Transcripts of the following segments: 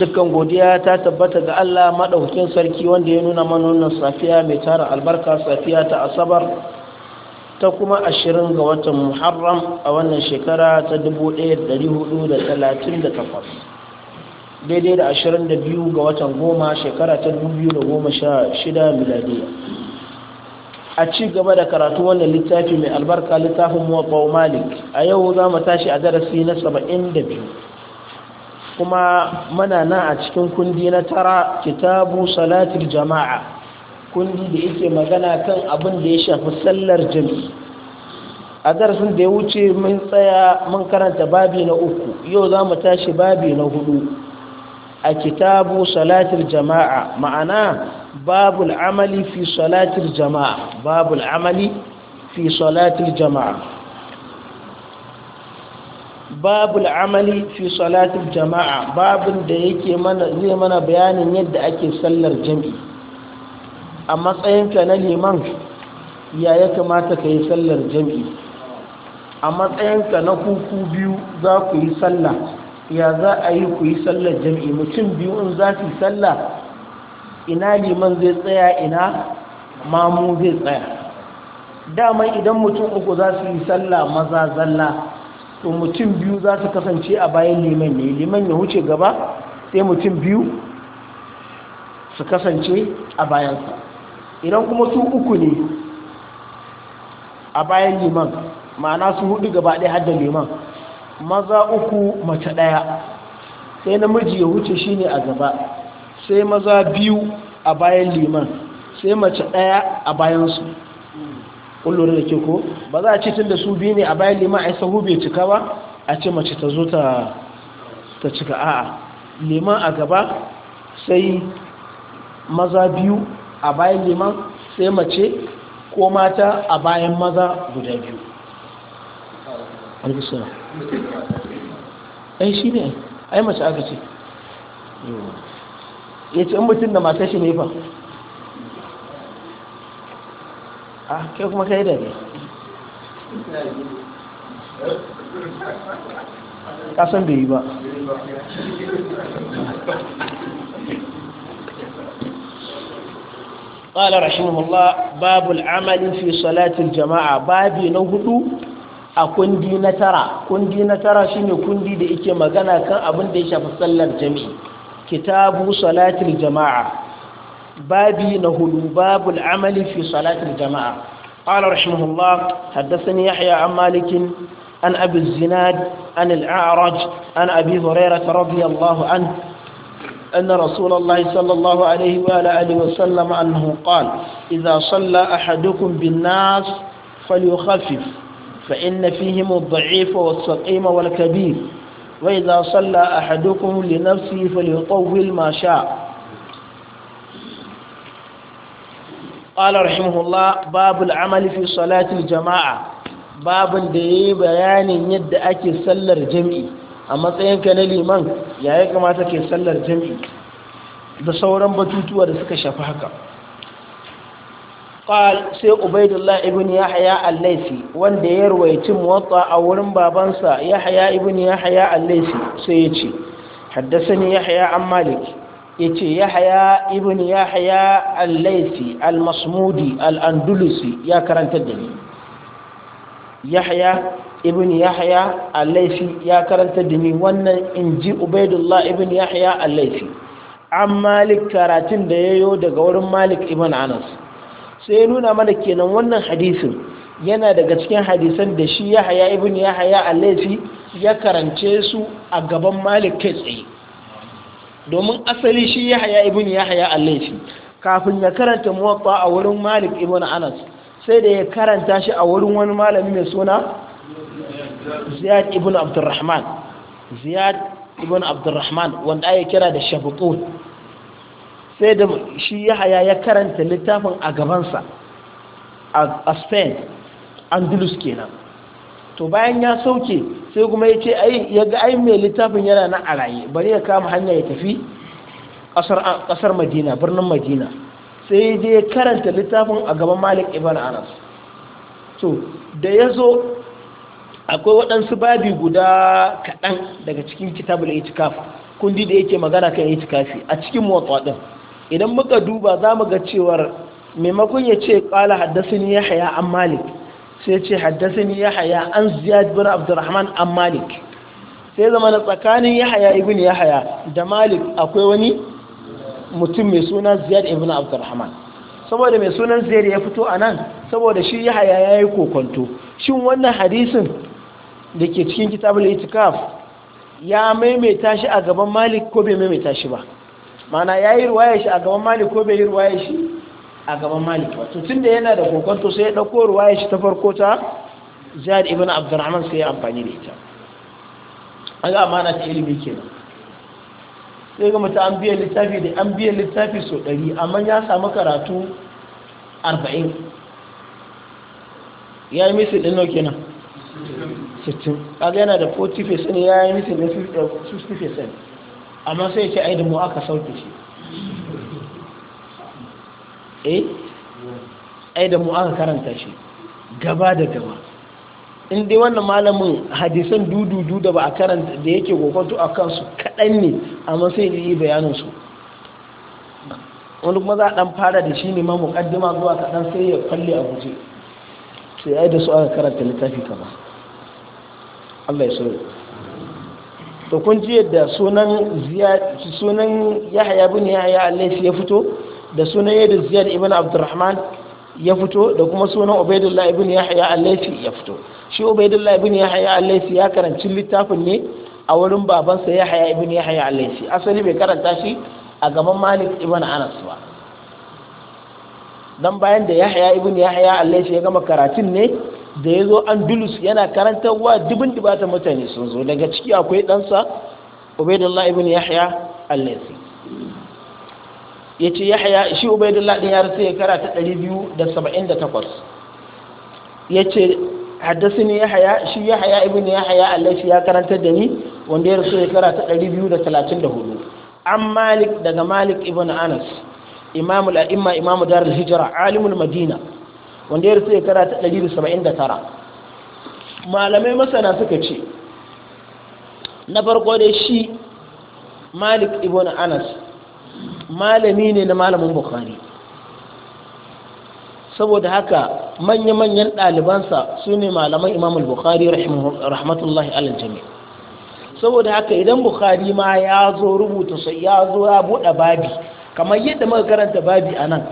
dukkan godiya ta tabbata ga Allah maɗaukin sarki wanda ya nuna manonin safiya mai tara albarka safiya ta asabar ta kuma ashirin ga watan muharram a wannan shekara ta 1438 daidai da ashirin da biyu ga watan goma shekara ta 2016 miladiya a ci gaba da karatu wannan littafi mai albarka littafin muwaɓa malik a yau za mu tashi a darasi na 72 kuma mana nan a cikin kundi na tara kitabu salatul jama'a kundi da yake magana kan abin da ya shafi sallar jami a darasin da ya wuce mun tsaya mun karanta babi na uku yau za mu tashi babi na hudu a kitabu salatul jama'a ma'ana babul amali fi salatul jama'a babul amali fi salatul jama'a babul amali fi salatul jama'a babun da yake mana zai mana bayanin yadda ake sallar jami'i a matsayinka na liman ya ya kamata ka yi sallar jami'i a matsayinka na kuku biyu za ku yi sallah ya za a yi ku yi sallar jami'i mutum biyu in za su yi sallah ina liman zai tsaya ina mamu zai tsaya dama idan mutum uku za su yi sallah maza zalla to mutum biyu za su kasance a bayan liman ne liman ya huce gaba sai mutum biyu su kasance a bayansa idan kuma su uku ne a bayan liman ma'ana su hudu gaba ɗaya hada liman maza uku mace ɗaya sai namiji ya wuce shi ne a gaba sai maza biyu a bayan liman sai mace ɗaya a bayansu kullure da ke ko ba za a ce tun da su biyu ne a bayan liman ai sahu bai cika ba a ce mace ta zo ta cika a'a liman a gaba sai maza biyu a bayan liman sai mace ko mata a bayan maza guda biyu ai shi ne ai mace aka ce ya ce in mutum da matashi ne fa a ah, kai kuma kai da ne kasan bai yi ba قال رحمه babu باب fi في jama'a babi na hudu a kundi na tara kundi na tara shine kundi da yake magana kan abinda ya shafi sallar jami'i kitabu salatul jama'a بابي نهل باب العمل في صلاة الجماعة قال رحمه الله حدثني يحيى عن مالك عن أبي الزناد عن الأعرج عن أبي هريرة رضي الله عنه أن رسول الله صلى الله عليه وآله وسلم أنه قال إذا صلى أحدكم بالناس فليخفف فإن فيهم الضعيف والسقيم والكبير وإذا صلى أحدكم لنفسه فليطول ما شاء قال رحمه الله باب العمل في صلاة الجماعة باب دي بيان يد أكي سلر جمعي أما تين كان الإمام يا ke تكي سلر da sauran batutuwa da suka shafi haka qal sai ubaidullah ibn yahya al-laythi wanda ya ruwaici muwatta a wurin babansa yahya ibn yahya al-laythi sai ya Haddasa haddathani yahya an malik yace yahya ibn yahya al-laythi al-masmudi al-andalusi ya karanta da ni yahya ibn yahya al-laythi ya karanta da ni wannan inji ubaidullah ibn yahya al-laythi an malik karatun da yayo daga wurin malik ibn anas sai nuna mana kenan wannan hadisin yana daga cikin hadisan da shi yahya ibn yahya al-laythi ya karance su a gaban malik kai tsaye domin asali shi ya haya ibn yahaya haya laifi kafin ya karanta muwatta a wurin malik ibn anas sai da ya karanta shi a wurin wani malami mai suna ziyad ibn abdurrahman ziyad ibn abdurrahman wanda ya kira da shafiqul sai da shi yahaya ya karanta littafin a gabansa a spain andalus kenan to bayan ya sauke sai kuma ya ce ya ga ai mai littafin yana na a raye bari ya kama hanya ya tafi ƙasar madina birnin madina sai ya ya karanta littafin a gaban malik ibn anas to da ya zo akwai waɗansu babi guda kaɗan daga cikin kitabul itikaf kundi da yake magana kan itikafi a cikin motsa ɗin idan muka duba za mu ga cewar maimakon ya ce ƙwala haddasa ni ya haya an malik sai ce haddasani yahaya an ziyad bin abdurrahman an malik sai zama na tsakanin yahaya ibn Yahaya da malik akwai wani mutum mai suna ziyad ibn abdurrahman saboda mai sunan ziyar ya fito a nan saboda shi haya ya yi kokonto shi wannan hadisin da ke cikin kitabul itikaf ya maimaita shi a gaban malik ko bai maimaita shi ba mana ya yi ruwaya shi a gaban malik ko bai yi ruwaya shi a gaban malik wato to da yana da kokonto sai ya dauko ruwaya shi ta farko ta jihar ibn abdurrahman sai ya amfani da ita a ga amana ta ilimi kenan sai ga mutum an biyan littafi da an biyan littafi so ɗari amma ya samu karatu arba'in ya yi misil ɗin nauke nan a ga yana da 40% ya yi misil ɗin 60% amma sai ce aida mu aka sauke shi eh ai da mu aka karanta shi gaba da gaba in dai wannan malamin hadisan dududu da ba a karanta da yake gofato a kansu kaɗan ne amma sai da yi bayanansu. wani kuma za a ɗan fara da shi ne ma muƙaddima zuwa kaɗan sai ya falle a guje sai ai da su aka karanta littafi kama Allah ya soya to kun ji yadda sunan Yahaya bin Yahaya Allah ya fito da sunan yadda ziyar ibn abdurrahman ya fito da kuma sunan obaidullah ibn yahya al-laifi ya fito shi obaidullah ibn yahya al-laifi ya karanci littafin ne a wurin babansa yahya ibn yahya al-laifi asali bai karanta shi a gaban malik ibn anas ba dan bayan da yahya ibn yahya al-laifi ya gama karatun ne da ya zo andulus yana karantarwa dubin dubata mutane sun zo daga ciki akwai dansa obaidullah ibn yahya al-laifi ya ce yahya shi ubaidullah din ya rasu ya karata 278 ya ce haddasini yahaya shi yahaya ibn yahya allafi ya karanta da ni wanda ya rasu ya karata 234 an malik daga malik ibn anas imamul a'imma imamu darul hijra alimul madina wanda ya rasu ya karata 179 malamai masana suka ce na farko dai shi malik ibn anas malami ne na malamin bukhari saboda haka manya-manyan ɗalibansa su ne malaman imam bukhari rahmatullahi alal jami saboda haka idan bukhari ma ya zo rubuta ya zo ya buɗe babi kamar yadda muka karanta babi a nan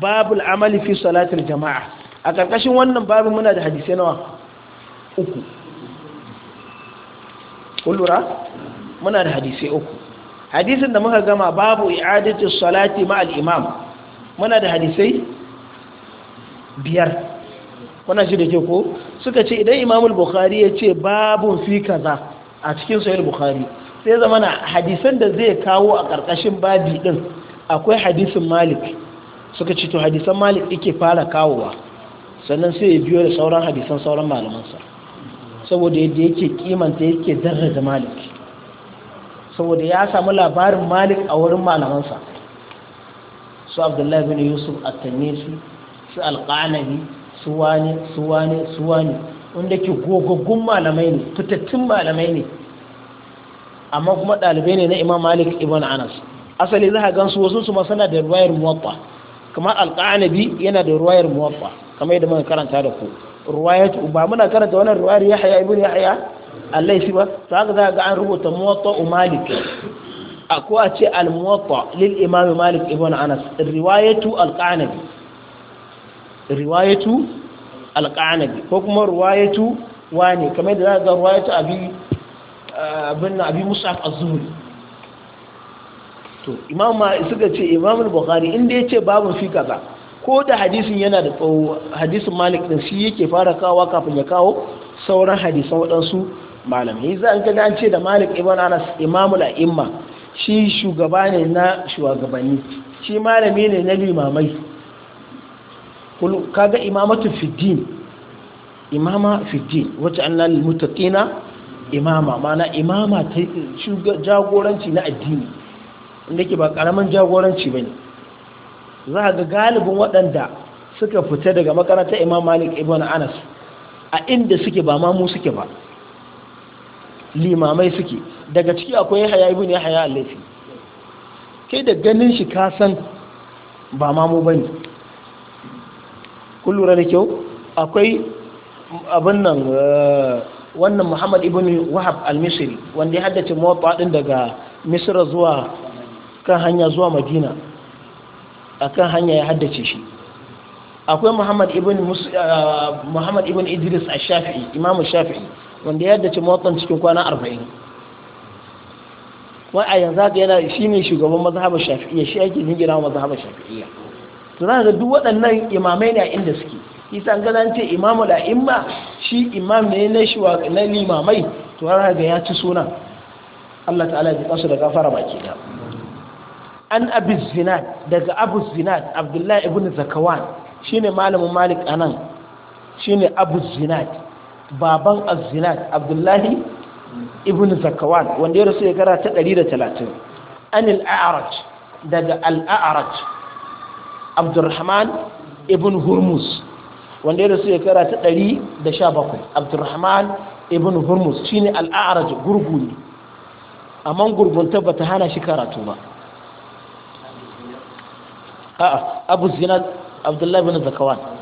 babul amali fi salatul jama'a a ƙarƙashin wannan babin muna da hadisai nawa uku kullura muna da hadisai uku hadisin da muka gama babu i'adatu salati ma al-imam muna da hadisai biyar wannan shi da ke ko suka ce idan imamul bukhari ya ce babun fi kaza a cikin sahih bukhari sai zama na hadisan da zai kawo a ƙarƙashin babi din akwai hadisin malik suka ce to hadisan malik yake fara kawowa sannan sai ya biyo da sauran hadisan sauran malaman sa saboda yadda yake kimanta yake daraja malik saboda ya samu labarin malik a wurin malamansa su abdullahi bin yusuf a tanisi su alƙanabi su wani su wani su wani wanda ke gogaggun malamai ne fitattun malamai ne amma kuma ɗalibai ne na imam malik ibn anas asali za a gansu wasu su masana da ruwayar muwaffa kamar alƙanabi yana da ruwayar muwaffa kamar yadda muka karanta da ku ruwayatu ba muna karanta wannan ruwayar yahya ibn yahya allaifi ba to haka za ga an rubuta muwatta malik a ko a ce al-muwatta lil imam malik ibn anas riwayatu al-qanabi riwayatu al-qanabi ko kuma riwayatu wani kamar da za ga riwayatu abi eh, abin abi musaf az-zuhri to imam ma suka ce imam al-bukhari inda yace babu fi kaza ko da hadisin yana da tsawo hadisin malik din shi yake fara kawo kafin ya kawo sauran hadisan waɗansu malamai za a an ce da malik ibn anas imamul a'imma shi shugaba ne na shugabanni shi malami ne na limamai kaga imamatu fiddin imama fiddin wacce an lalil mutaqina imama mana imama ta jagoranci na addini inda ke ba karaman jagoranci ne. za ga galibin waɗanda suka fita daga makaranta imam malik ibn anas a inda suke ba mamu suke ba limamai suke daga ciki akwai haya ne haya al-laifi kai da ganin shi kasan ba ma mu bane kun lura da kyau akwai abin nan eh, wannan Muhammad ibn Wahab al-Misri wanda ya haddace muwatta ɗin daga Misra zuwa kan hanya zuwa Madina kan hanya ya haddace shi akwai Muhammad ibn eh, Idris a shafii Imam shafii wanda ya yadda ci motsan cikin kwana arba'in wai a yanzu haka yana shi ne shugaban mazhabar shafi'iyya shi ake yin wa mazhabar shafi'iyya to za ga duk waɗannan imamai ne a inda suke isa an gana ce imamu da imma shi imam ne na shi na limamai to har ga ya ci sunan. Allah ta'ala ya kasu da gafara baki da an abu zinad daga abu zinad abdullahi ibn zakawan shine malamin malik anan shine abu zinad baban azzinat abdullahi ibn zakawan wanda ya rasu ya gara ta 130 anil a'raj daga al-a'raj abdurrahman ibn hurmus wanda ya rasu ya gara ta 117 abdurrahman ibn hurmus shine ne araj gurgu ne amma gurgunta bata hana shi karatu ba a'a abu zinat abdullahi ibn zakawan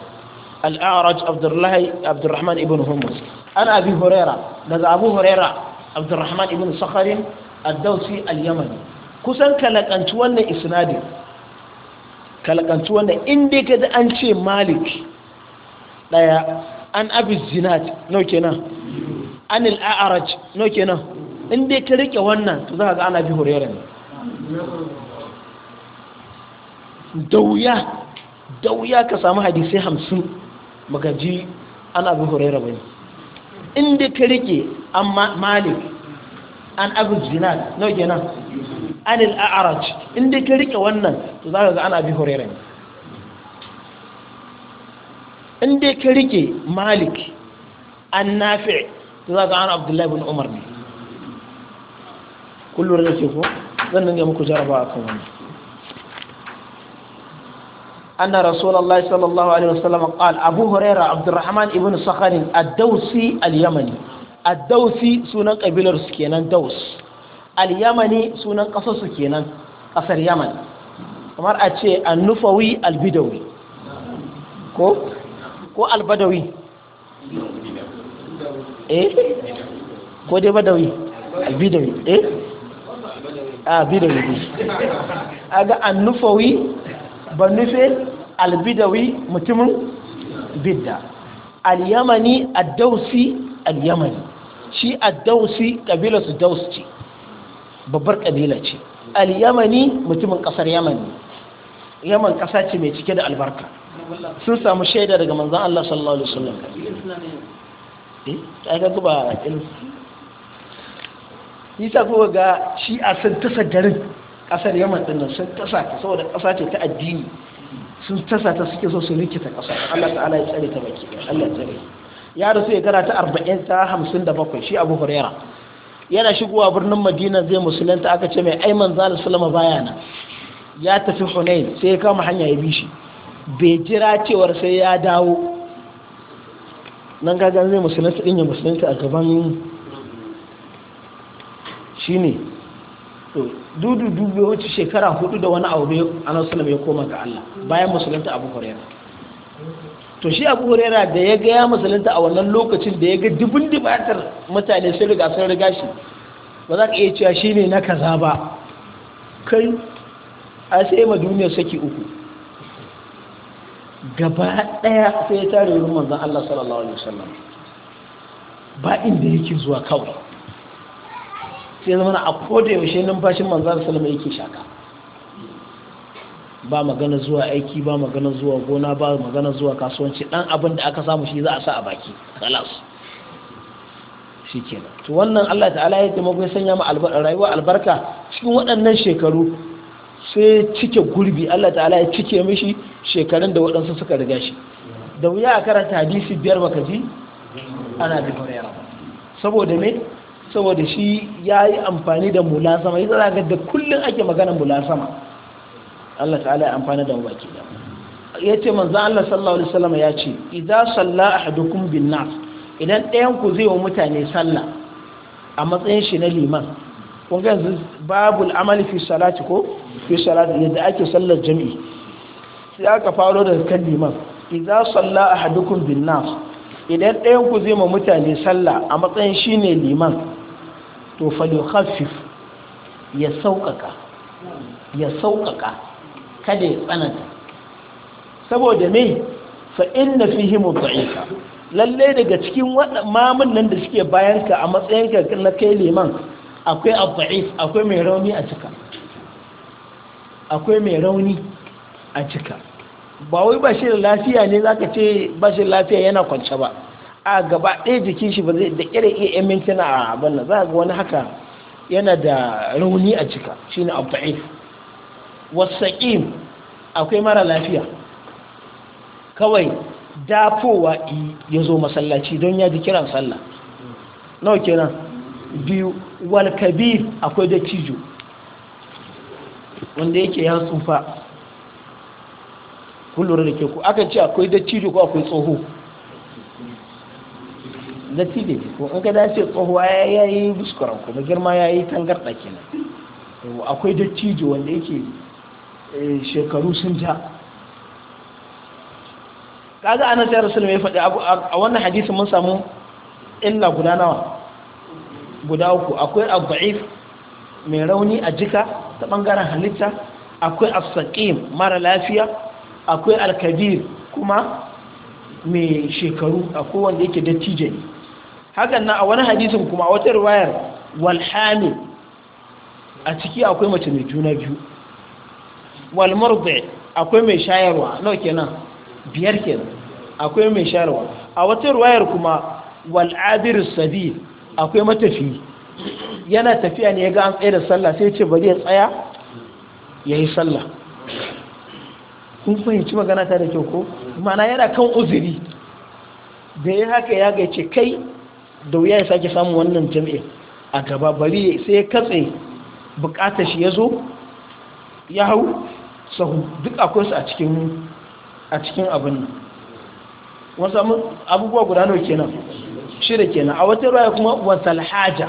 al’arar abdullahi abdurrahman ibn humus an abi horera daga abu horera abdurrahman ibn sakharin al-dausi al-yaman kusan kalakantu wannan isnadin kalakantu wannan inda ka an ce malik ɗaya, an abi zinat no kenan an al’arar no kenan inda ka rike wannan to za ka ana abi horera ne dauya dauya ka samu hadisai hamsin baka ji an abu huraira bane inda ka rike an malik an abu zinad nau nan? an al'araj inda ka rike wannan to za ka ga an abu huraira ne inda ka rike malik an nafi to za ka an abdullahi bin umar ne kullum da ke ko zan nan ga muku jarabawa kan wannan أن رسول الله صلى الله عليه وسلم قال أبو هريرة عبد الرحمن بن صخر الدوسي اليمني الدوسي سنة قبيلة سكينا دوس اليمني سنة قصص سكينا قصر يمن أمر أتشي النفوي البدوي كو كو البدوي إيه كو دي بدوي البدوي إيه آه بدوي bidawi النفوي ba nufe albidawi mutumin bidda al-yamani ad-dausi al-yamani shi a dausi kabila su daus ce babbar kabila ce al-yamani mutumin kasar yamani yaman kasa ce mai cike da albarka sun samu shaida daga manzan Allah sallallahu alaihi wasallam eh ai ga guba ilmi yasa ko ga shi a sun tasa garin kasar yamma din nan sun tasa ta saboda kasa ce ta addini sun tasa ta suke so su rikita kasa Allah ta'ala ya tsare ta baki Allah ya tsare ya rasu ya gara ta 40 ta 57 shi Abu Hurairah yana shigowa birnin Madina zai musulunta aka ce mai ai manzo Allah sallama baya na ya tafi Hunain sai ya kama hanya ya bi shi bai jira cewar sai ya dawo nan ga zai musulunta din ya musulunta a gaban shine to dudu dubbe wacce shekara hudu da wani aure anan ya koma ga Allah bayan musulunta abu huraira to shi abu huraira da ya ga ya musulunta a wannan lokacin da ya ga dubun dubatar mutane sun riga sun riga shi ba za ka iya cewa shi ne na kaza ba kai a sai ma duniya saki uku gaba ɗaya sai ya tare wurin manzon Allah sallallahu alaihi wasallam ba inda yake zuwa kawai sai zama a koda yaushe numfashin manzan salama yake shaka ba magana zuwa aiki ba magana zuwa gona ba magana zuwa kasuwanci dan abin da aka samu shi za a sa a baki kalas shi to wannan Allah ta'ala ya taimako ya sanya mu rayuwa albarka cikin waɗannan shekaru sai cike gurbi Allah ta'ala ya cike mishi shekarun da waɗansu suka riga shi da wuya a karanta hadisi biyar baka ji ana bi saboda me saboda shi ya yi amfani da sama yi zara da kullum ake magana sama. Allah ta'ala ya amfani da baki da ya ce manzan Allah sallallahu alaihi wasallam ya ce idan salla ahadukum bin nas idan ɗayan ku zai wa mutane sallah a matsayin shi na liman kun ga yanzu babul amali fi salati ko fi salati yadda ake sallar jami'i sai aka faro da kan liman idan salla ahadukum bin nas idan ɗayan ku zai wa mutane sallah a matsayin shi ne liman to khafif ya sauƙaƙa ya sauƙaƙa kada ya tsananta saboda me fa inna fihi mudhaifa lalle daga cikin mamun nan da suke bayanka a matsayinka na kai liman akwai abda'if akwai mai rauni a cika akwai mai rauni a cika ba wai ba shi lafiya ne zaka ce ba shi lafiya yana kwance ba a gaba ɗaya jikin shi ba zai da ƙirin iya yan mintuna a abin nan za ga wani haka yana da rauni a cika shine abta'if wasaƙim akwai mara lafiya kawai dafowa ya zo masallaci don ya ji kiran sallah nawa kenan biyu wal akwai da cijo wanda yake ya tsufa kullum da ke ku aka ce akwai da cijo ko akwai tsoho da tije ko in ka dace tsohuwa ya yi buskuran kuma girma ya yi tangarɗa kenan akwai dattijo wanda yake eh, shekaru sun ja kaga ana ya rasul mai faɗi a wannan hadisi mun samu illa guda nawa guda uku akwai abu'if mai rauni a jika ta ɓangaren halitta akwai asaƙim mara lafiya akwai alkabir kuma mai shekaru akwai wanda yake dattijai hakan na a wani hadisin kuma a wata riwayar walhami a ciki akwai mace mai juna biyu walmurbe akwai mai shayarwa nau kenan biyar kenan akwai mai shayarwa a wata riwayar kuma wal'adir sabi akwai matafi yana tafiya ne ya ga an tsaye da sallah sai ce ba zai tsaya ya yi sallah kun fahimci magana ta da kyau ko mana yana kan uzuri da ya haka ya gaice kai da wuya ya sake samun wannan jam'in a gaba bari sai ya katse bukatar shi ya zo ya hau sahu duk akwai su a cikin abin nan wasu abubuwa guda nawa kenan shida kenan a wata raya kuma wasal haja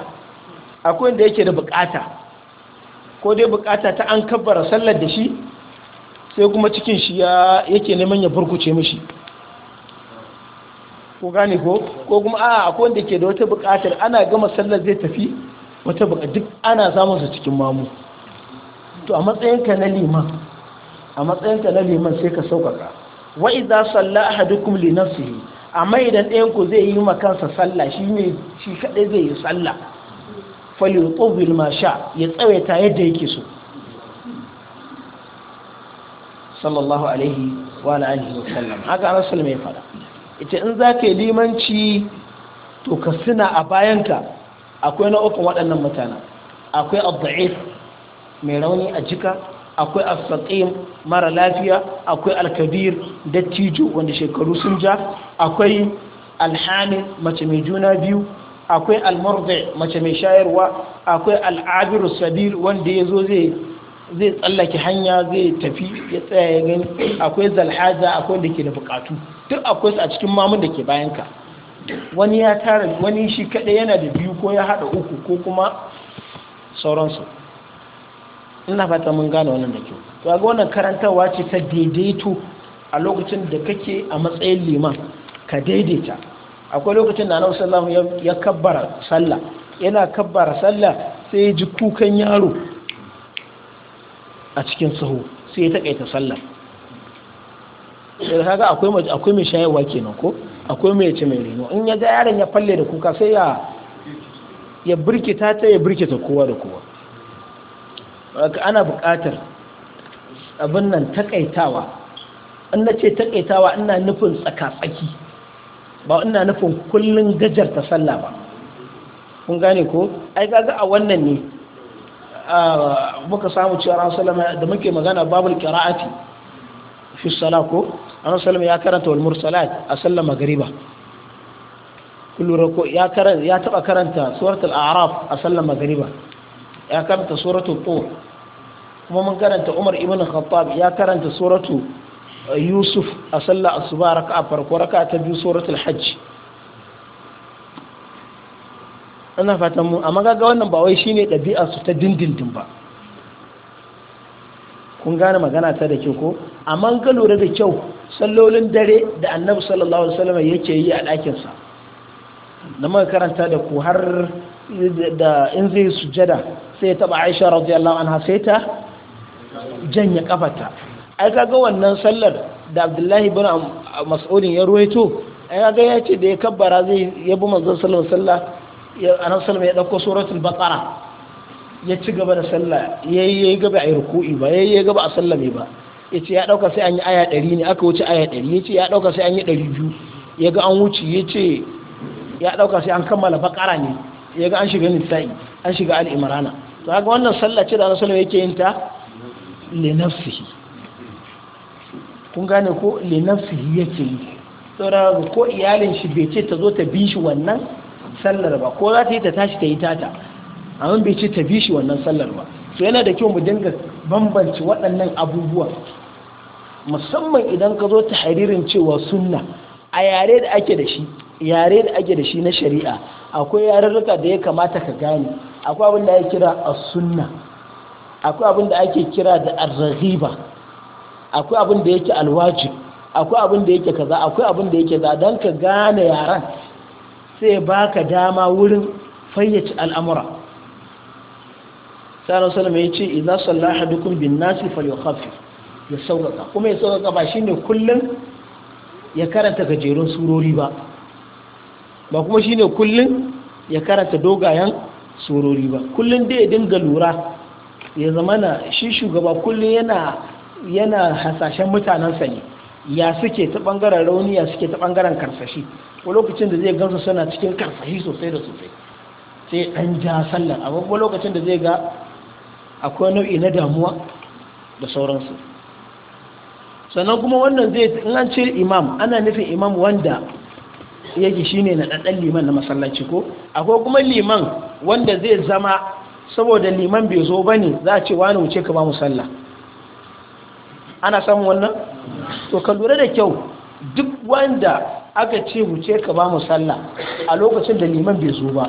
akwai da yake da bukata ko dai bukata ta an kabbara sallar da shi sai kuma cikin shi yake neman ya burkuce mishi ko gane ko ko kuma a akwai wanda ke da wata buƙatar ana gama sallar zai tafi wata buƙatar duk ana samun su cikin mamu to a matsayinka na liman a matsayinka na liman sai ka sauƙaƙa wa idza salla ahadukum li nafsihi amma idan ɗayan ku zai yi ma kansa sallah shi ne shi kadai zai yi sallah falyutawil ma sha ya tsawaita yadda yake so sallallahu alaihi wa alihi wa sallam haka rasul mai fada ita in za ka yi limanci to ka suna a bayanka akwai na'ukan waɗannan mutanen akwai abda'if mai rauni a jika akwai asfaƙim mara lafiya akwai alkabir dattijo wanda shekaru sun ja akwai alhamin mace mai juna biyu akwai almurda mace mai shayarwa akwai al'abiru sabir wanda ya zo zai zai tsallake hanya zai tafi ya tsaya ya gani akwai zalhaza akwai da ke da bukatu duk akwai su a cikin mamun da ke bayan ka wani ya tara wani shi kaɗai yana da biyu ko ya haɗa uku ko kuma sauransu ina fata mun gane wannan da kyau to ga wannan karantarwa ce ta daidaito a lokacin da kake a matsayin liman ka daidaita akwai lokacin da annabi sallallahu ya kabbara sallah yana kabbara sallah sai ya ji kukan yaro a cikin sahu sai ya takaita sallar sai akwai mai shayarwa kenan ko akwai mai ce mai reno in ya ga yaron ya falle da kuka sai ya ya birkita ta ya birkita kowa da kowa haka ana buƙatar abin nan takaitawa in na ce takaitawa ina nufin tsaka-tsaki ba ina nufin kullum gajar ta sallah ba kun gane ko ai kaga a wannan ne muka samu cewa ran salama da muke magana babul qira'ati fi salat ko ran salama ya karanta wal mursalat a sallar magriba kullu ko ya karanta ya taba karanta suratul a'raf a sallar magriba ya karanta suratul tur kuma mun karanta Umar ibn Khattab ya karanta suratul uh, Yusuf a sallar asuba raka'a farko raka'a ta biyu suratul hajj ana fatan mu amma kaga wannan ba wai shine ɗabi'a su ta dindindin ba kun gane magana ta da kyau ko amma ga lura da kyau sallolin dare da annabi sallallahu alaihi wasallam yake yi a sa. da muka karanta da ku har da in zai sujada sai ta Aisha radiyallahu anha sai ta janye kafarta ai kaga wannan sallar da Abdullahi ibn Mas'udin ya ruwaito ai kaga ya da ya kabbara zai yabo manzon sallallahu alaihi wasallam annabi sallallahu ya dauko suratul baqara ya ci gaba da sallah yayi gaba a ruku'i ba yayi gaba a sallame ba yace ya dauka sai an yi aya 100 ne aka wuce aya 100 yace ya dauka sai an yi 200 yaga an wuce yace ya dauka sai an kammala baqara ne yaga an shiga nisa'i an shiga al-imrana to haka wannan sallah ce da annabi sallallahu yake yin ta li nafsihi kun gane ko li nafsihi yake yi saboda ko iyalin shi bai ce ta zo ta bi shi wannan sallar ba ko za ta yi ta tashi ta yi tata amma bai ce ta bi shi wannan sallar ba so yana da kyau mu dinga bambance waɗannan abubuwan musamman idan ka zo ta haririn cewa sunna a yare da ake da shi yare da ake da shi na shari'a akwai yarurruka da ya kamata ka gane akwai abin da ake kira as-sunna akwai abin da ake kira da ar-raghiba akwai abin da yake al-wajib akwai abin da yake kaza akwai abin da yake za dan ka gane yaran sai baka dama wurin fayyace al'amura sallallahu salama ya ce iza sallaha dukum bin nasi hafi ya sauƙaƙa kuma ya sauƙaƙa ba shi ne kullum ya karanta gajerun surori ba ba kuma shi ne kullum ya karanta dogayen surori ba kullum dai ya dinga lura ya zamana shi shugaba kullum yana yana hasashen mutanensa ne ya suke ta bangaren rauni ya suke ta bangaren karsashi ko lokacin da zai gansu suna cikin karsashi sosai da sosai sai an ja sallan a babban lokacin da zai ga akwai nau'i na damuwa da sauransu sannan kuma wannan zai in an ce imam ana nufin imam wanda yake shine na ɗaɗɗan liman na masallaci ko akwai kuma liman wanda zai zama saboda liman bai zo ba ne za a ce wani wuce ka ba mu sallah ana samun wannan to ka lura da kyau duk wanda aka ce wuce ka ba mu sallah a lokacin da liman bai zo ba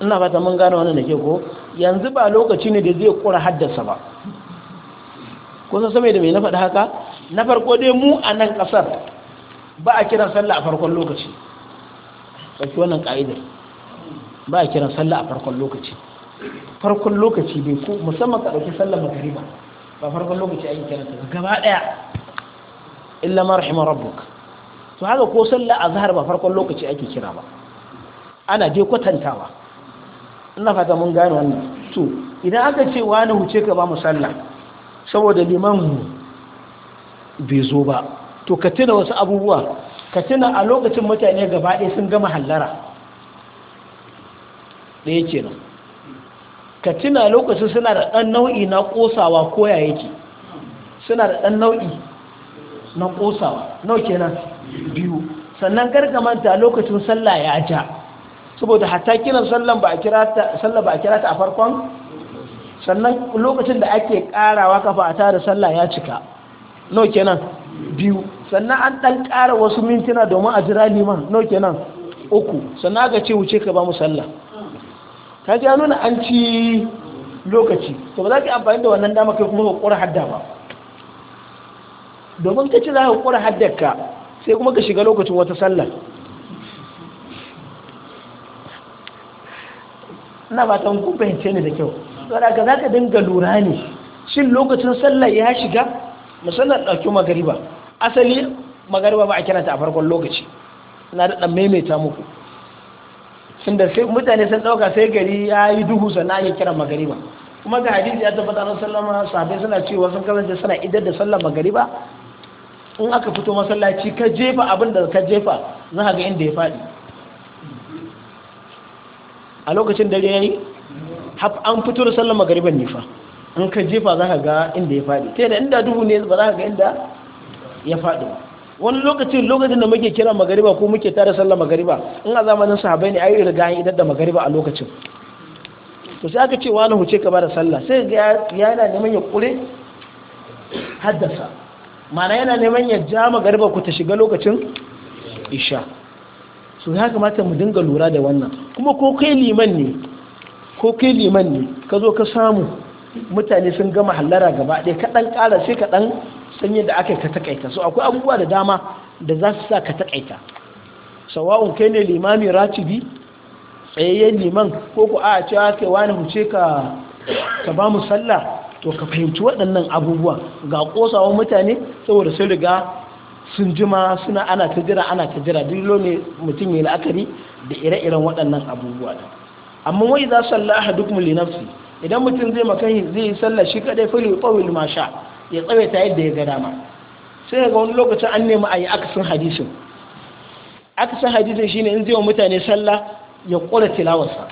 ina fata mun gane wannan da ke ko yanzu ba lokaci ne da zai kura haddasa ba Ko san sama da mai na faɗi haka na farko dai mu a nan ƙasar ba a kiran sallah a farkon lokaci sai wannan ƙa'idar ba a kiran sallah a farkon lokaci farkon lokaci bai ko musamman ka dauki sallah magriba ba farkon lokaci ake kiran ta gaba daya illa ma rahima rabbuk to haka ko sallah azhar ba farkon lokaci ake kira ba ana je kwatantawa ina fata mun gane wannan to idan aka ce wani huce ka ba mu sallah saboda liman mu bai zo ba to ka tuna wasu abubuwa ka tuna a lokacin mutane gaba ɗaya sun gama hallara yake kenan ka tuna lokacin suna da ɗan nau'i na ƙosawa ko ya yake suna da ɗan nau'i na ƙosawa nau kenan biyu sannan manta lokacin sallah ya ja saboda hatta kiran kira sallah ba a kira ta a farkon sannan lokacin da ake karawa kafa a tare sallah ya cika nau kenan biyu sannan an ɗan ƙara wasu mintuna domin a jira liman nau kenan uku sannan aka ce wuce ka ba mu sallah ka ji nuna an ci lokaci to ba za ka amfani da wannan dama kai kuma ka kura hadda ba domin ka ci za ka kura haddarka sai kuma ka shiga lokacin wata sallar ina ba ta kun fahimce ne da kyau saboda ka za ka dinga lura ne shin lokacin sallar ya shiga musallar ɗauki magariba asali magariba ba a kiranta a farkon lokaci na da ɗan maimaita muku da sai mutane sun dauka sai gari ya yi duhu sannan ake kiran magariba kuma ga hadisi ya tabbata na sallama sahabbai suna cewa sun kasance suna idar da sallar magariba in aka fito masallaci ka jefa abin da ka jefa za ka ga inda ya faɗi a lokacin dare yayi an fito da sallar magariban ne fa in ka jefa za ka ga inda ya faɗi ta yadda inda duhu ne ba za ka ga inda ya faɗi ba wani lokacin lokacin da muke kira magariba ko muke tare sallar magariba in a zamanin sahabai ne ayi riga idan da magariba a lokacin to sai aka ce na huce ka bada sallah sai ga yana neman ya kure haddasa mana yana neman ya ja magariba ku ta shiga lokacin isha so ya kamata mu dinga lura da wannan kuma ko kai liman ne ko kai liman ne ka zo ka samu mutane sun gama hallara gaba ɗaya kaɗan ƙara sai kaɗan. san da aka ka takaita so akwai abubuwa da dama da za su sa ka takaita sawa'un kai ne limami ratibi tsayayyen liman ko ku a cewa kai wani huce ka ka ba mu sallah to ka fahimci waɗannan abubuwa ga ƙosawa mutane saboda sun riga sun jima suna ana ta jira ana ta jira duk ne mutum ya la'akari da ire-iren waɗannan abubuwa amma wai za su sallah duk li idan mutum zai makan zai sallah shi kadai fari ƙawil tawil ma sha ya tsawaita yadda ya ga dama sai ga wani lokacin an nemi a yi akasin hadisin akasin hadisin shine in zai wa mutane sallah ya kora tilawarsa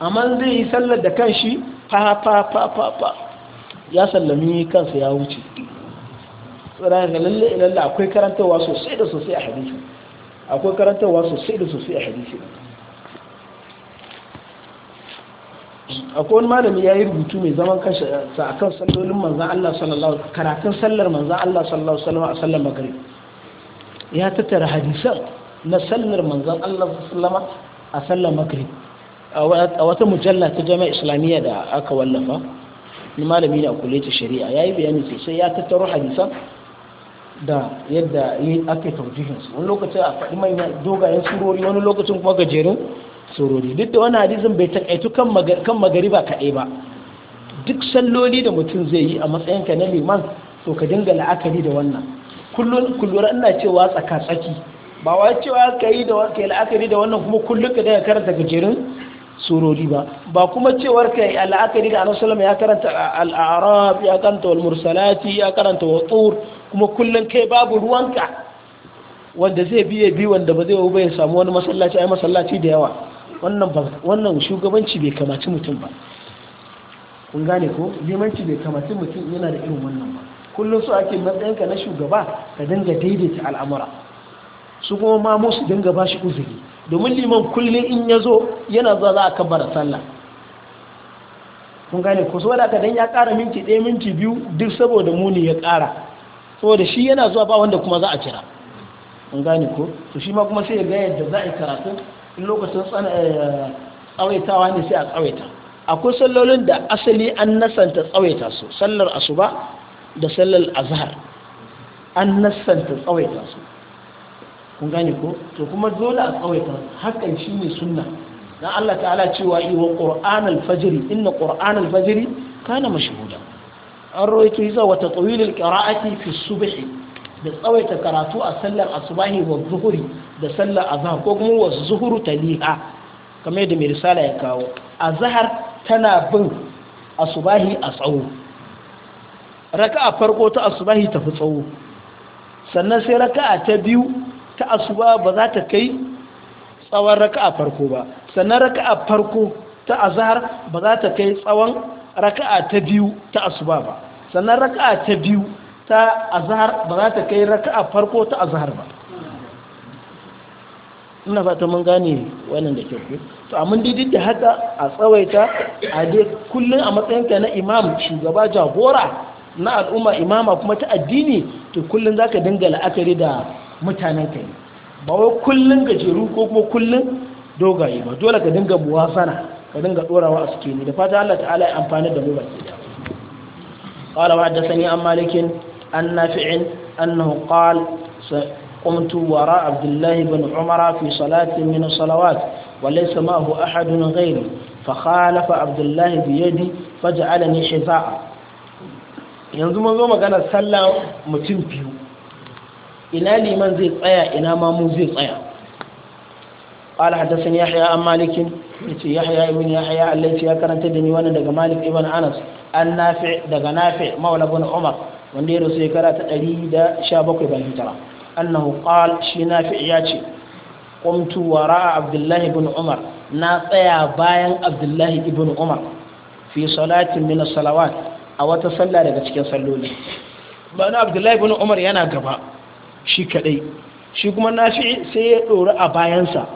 amma zai yi sallar da kan shi fa fa fa fa fa ya sallami kansa ya wuce tsoron ga lalle lalle akwai karantarwa sosai da sosai a hadisi akwai karantarwa sosai da sosai a hadisi akwai wani malami ya yi rubutu mai zaman kansa eh, a kan sallolin manzan Allah sallallahu karatun sallar manzan Allah sallallahu sallama a sallar magari ya tattara hadisan na sallar manzan Allah sallama a sallar magari a wata mujalla ta jami'a islamiyya da aka wallafa ni malami ne a kuleta shari'a ya yi bayani sosai ya tattaro hadisan da yadda aka ake taujihinsu wani lokacin a faɗi mai dogayen surori wani lokacin kuma gajerun surori duk da wani hadisin bai takaitu kan magari ba kaɗai ba duk salloli da mutum zai yi a matsayinka na liman to ka dinga la'akari da wannan kullum kullura ina cewa tsaka tsaki ba wa cewa ka yi la'akari da wannan kuma kullum ka daga karanta gajerun surori ba ba kuma cewar ka yi la'akari da annabi sallallahu ya karanta al-a'raf ya karanta walmursalati mursalati ya karanta wutur kuma kullum kai babu ruwanka wanda zai biye bi wanda ba zai ba ya samu wani masallaci ai masallaci da yawa wannan shugabanci bai kamaci mutum ba kun gane ko limanci bai kamaci mutum yana da irin wannan ba kullum su ake matsayinka na shugaba ka dinga daidaita al'amura su kuma ma musu dinga ba shi uzuri domin liman kullum in ya zo yana zuwa za a kabbara sallah kun gane ko so ka dan ya kara minti ɗaya minti biyu duk saboda muni ya kara saboda shi yana zuwa ba wanda kuma za a kira kun gane ko to shi ma kuma sai ya ga yadda za a yi karatu. in lokacin eh, tsawaitawa ne sai a tsawaita akwai sallolin da asali an nasanta tsawaita su sallar asuba da sallar azhar an nasanta tsawaita su kun gane ko to kuma dole a tsawaita hakan shine sunna dan Allah ta'ala cewa iwa qur'an al-fajr inna qur'an al-fajr kana mashhuda an rawaito yiza wa tatwil al-qira'ati fi subh da tsawaita karatu a sallar asubahi wa zuhri da sallar zahar ko kuma wasu zuhuru taliha kamar yadda mai risala ya kawo zahar tana bin asubahi a tsawo raka'a farko ta asubahi ta fi tsawo sannan sai raka'a ta biyu ta asuba ba za ta kai tsawon raka'a farko ba sannan raka'a farko ta zahar ba za ta kai tsawon raka'a ta biyu ta asuba ba sannan raka'a ta biyu ta zahar ba za ta kai raka'a farko ta zahar ba ina fata mun gane wannan da kyau to amma duk da haka a tsawaita a dai kullun a matsayinka na imam shugaba jagora na al'umma imama kuma ta addini to kullun zaka dinga la'akari da mutanen ka ba wai kullun gajeru ko kuma kullun dogaye ba dole ka dinga sana, ka dinga dorawa a suke ni. da fata Allah ta'ala ya amfani da mu ba baki da قال an عن مالك عن نافع annahu قال قمت وراء عبد الله بن عمر في صلاة من الصلوات وليس معه أحد غيري فخالف عبد الله بيدي فجعلني حذاء yanzu mun magana sallah mutum biyu ina liman zai tsaya ina ma zai tsaya قال حدثني يحيى عن مالك يحيى ابن يحيى ya karanta da دني وانا daga Malik ibn Anas an Nafi daga Nafi maula ibn Umar wanda ya rasu shekara ta 117 bayan hijira annahu qala shi nafi' ya ce qumtu wara abdullah ibn umar na tsaya bayan abdullah ibn umar fi salatin min salawat a wata sallah daga cikin salloli ma'ana abdullah ibn umar yana gaba shi kadai shi kuma nafi sai ya dori a bayansa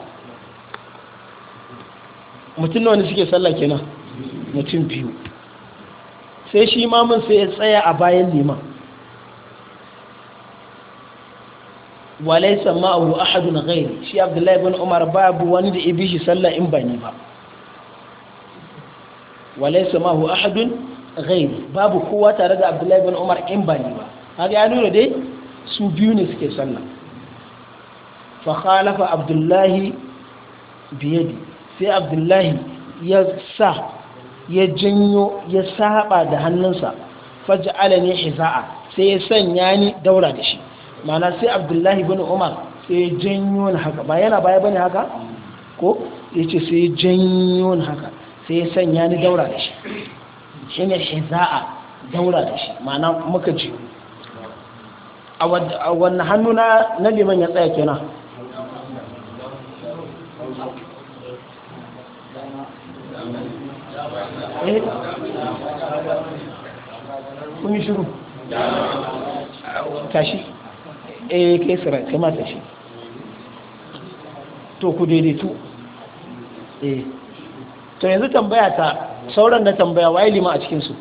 mutum nawa ne suke sallah kenan mutum biyu sai shi mamun sai ya tsaya a bayan liman walai sama'ahu ahadun ghairi shi abdullahi bin umar babu wani da ibi shi sallah in ba ni ba walai sama'ahu ahadun ghairi babu kowa tare da abdullahi bin umar in bani ba haka ya nuna dai su biyu ne suke sallah fa khalafa abdullahi biyadi sai abdullahi ya sa ya janyo ya saba da hannunsa faj'alani hiza'a sai ya sanya ni daura da shi mana sai abdullahi bin umar sai janyo na haka ba yana baya bane haka ko ya ce sai janyo na haka sai ya sanya ni daura da shi shi ne shi za'a daura da shi mana muka ji a wannan hannu na liman ya tsaya kenan eh? kun yi shiru tashi eh kai tsira kai mata shi. to ku daidaitu eh to yanzu tambaya ta sauran na tambaya waye lima a cikin su